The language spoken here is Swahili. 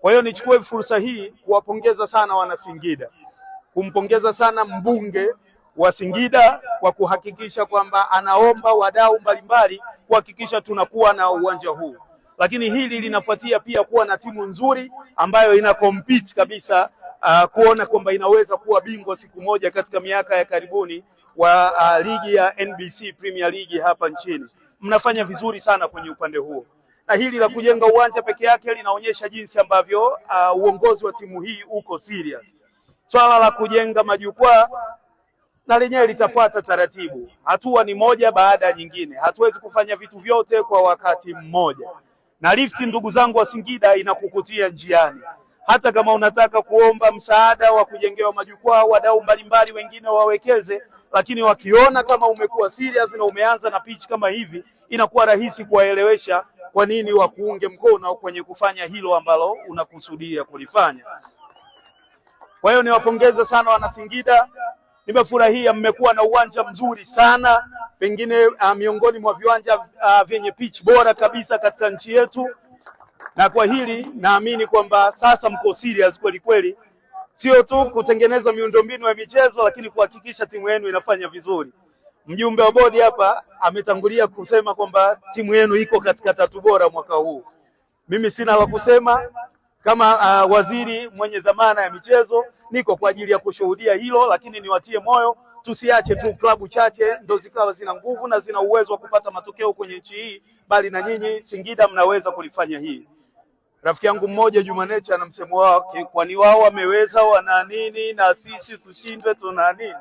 Kwa hiyo nichukue fursa hii kuwapongeza sana wana Singida, kumpongeza sana mbunge wa Singida kwa kuhakikisha kwamba anaomba wadau mbalimbali kuhakikisha tunakuwa na uwanja huu, lakini hili linafuatia pia kuwa na timu nzuri ambayo ina compete kabisa uh, kuona kwamba inaweza kuwa bingwa siku moja katika miaka ya karibuni wa uh, ligi ya NBC Premier League hapa nchini. Mnafanya vizuri sana kwenye upande huo na hili la kujenga uwanja peke yake linaonyesha jinsi ambavyo uh, uongozi wa timu hii uko serious. Swala la kujenga majukwaa na lenyewe litafuata taratibu, hatua ni moja baada ya nyingine. Hatuwezi kufanya vitu vyote kwa wakati mmoja, na lifti, ndugu zangu wa Singida, inakukutia njiani. Hata kama unataka kuomba msaada wa kujengewa majukwaa, wadau mbalimbali wengine wawekeze, lakini wakiona kama umekuwa serious na umeanza na pitch kama hivi, inakuwa rahisi kuwaelewesha kwa nini wakuunge mkono kwenye kufanya hilo ambalo unakusudia kulifanya. Kwa hiyo niwapongeze sana Wanasingida, nimefurahia mmekuwa na uwanja mzuri sana, pengine uh, miongoni mwa viwanja uh, vyenye pitch bora kabisa katika nchi yetu, na kwa hili naamini kwamba sasa mko serious kweli kweli, sio tu kutengeneza miundombinu ya michezo, lakini kuhakikisha timu yenu inafanya vizuri. Mjumbe wa bodi hapa ametangulia kusema kwamba timu yenu iko katika tatu bora mwaka huu. Mimi sina la kusema kama uh, waziri mwenye dhamana ya michezo, niko kwa ajili ya kushuhudia hilo, lakini niwatie moyo, tusiache tu klabu chache ndo zikawa zina nguvu na zina uwezo wa kupata matokeo kwenye nchi hii, bali na nyinyi Singida mnaweza kulifanya hii. Rafiki yangu mmoja Juma ana msemo wake, kwani wao wameweza wana nini na sisi tushindwe tuna nini?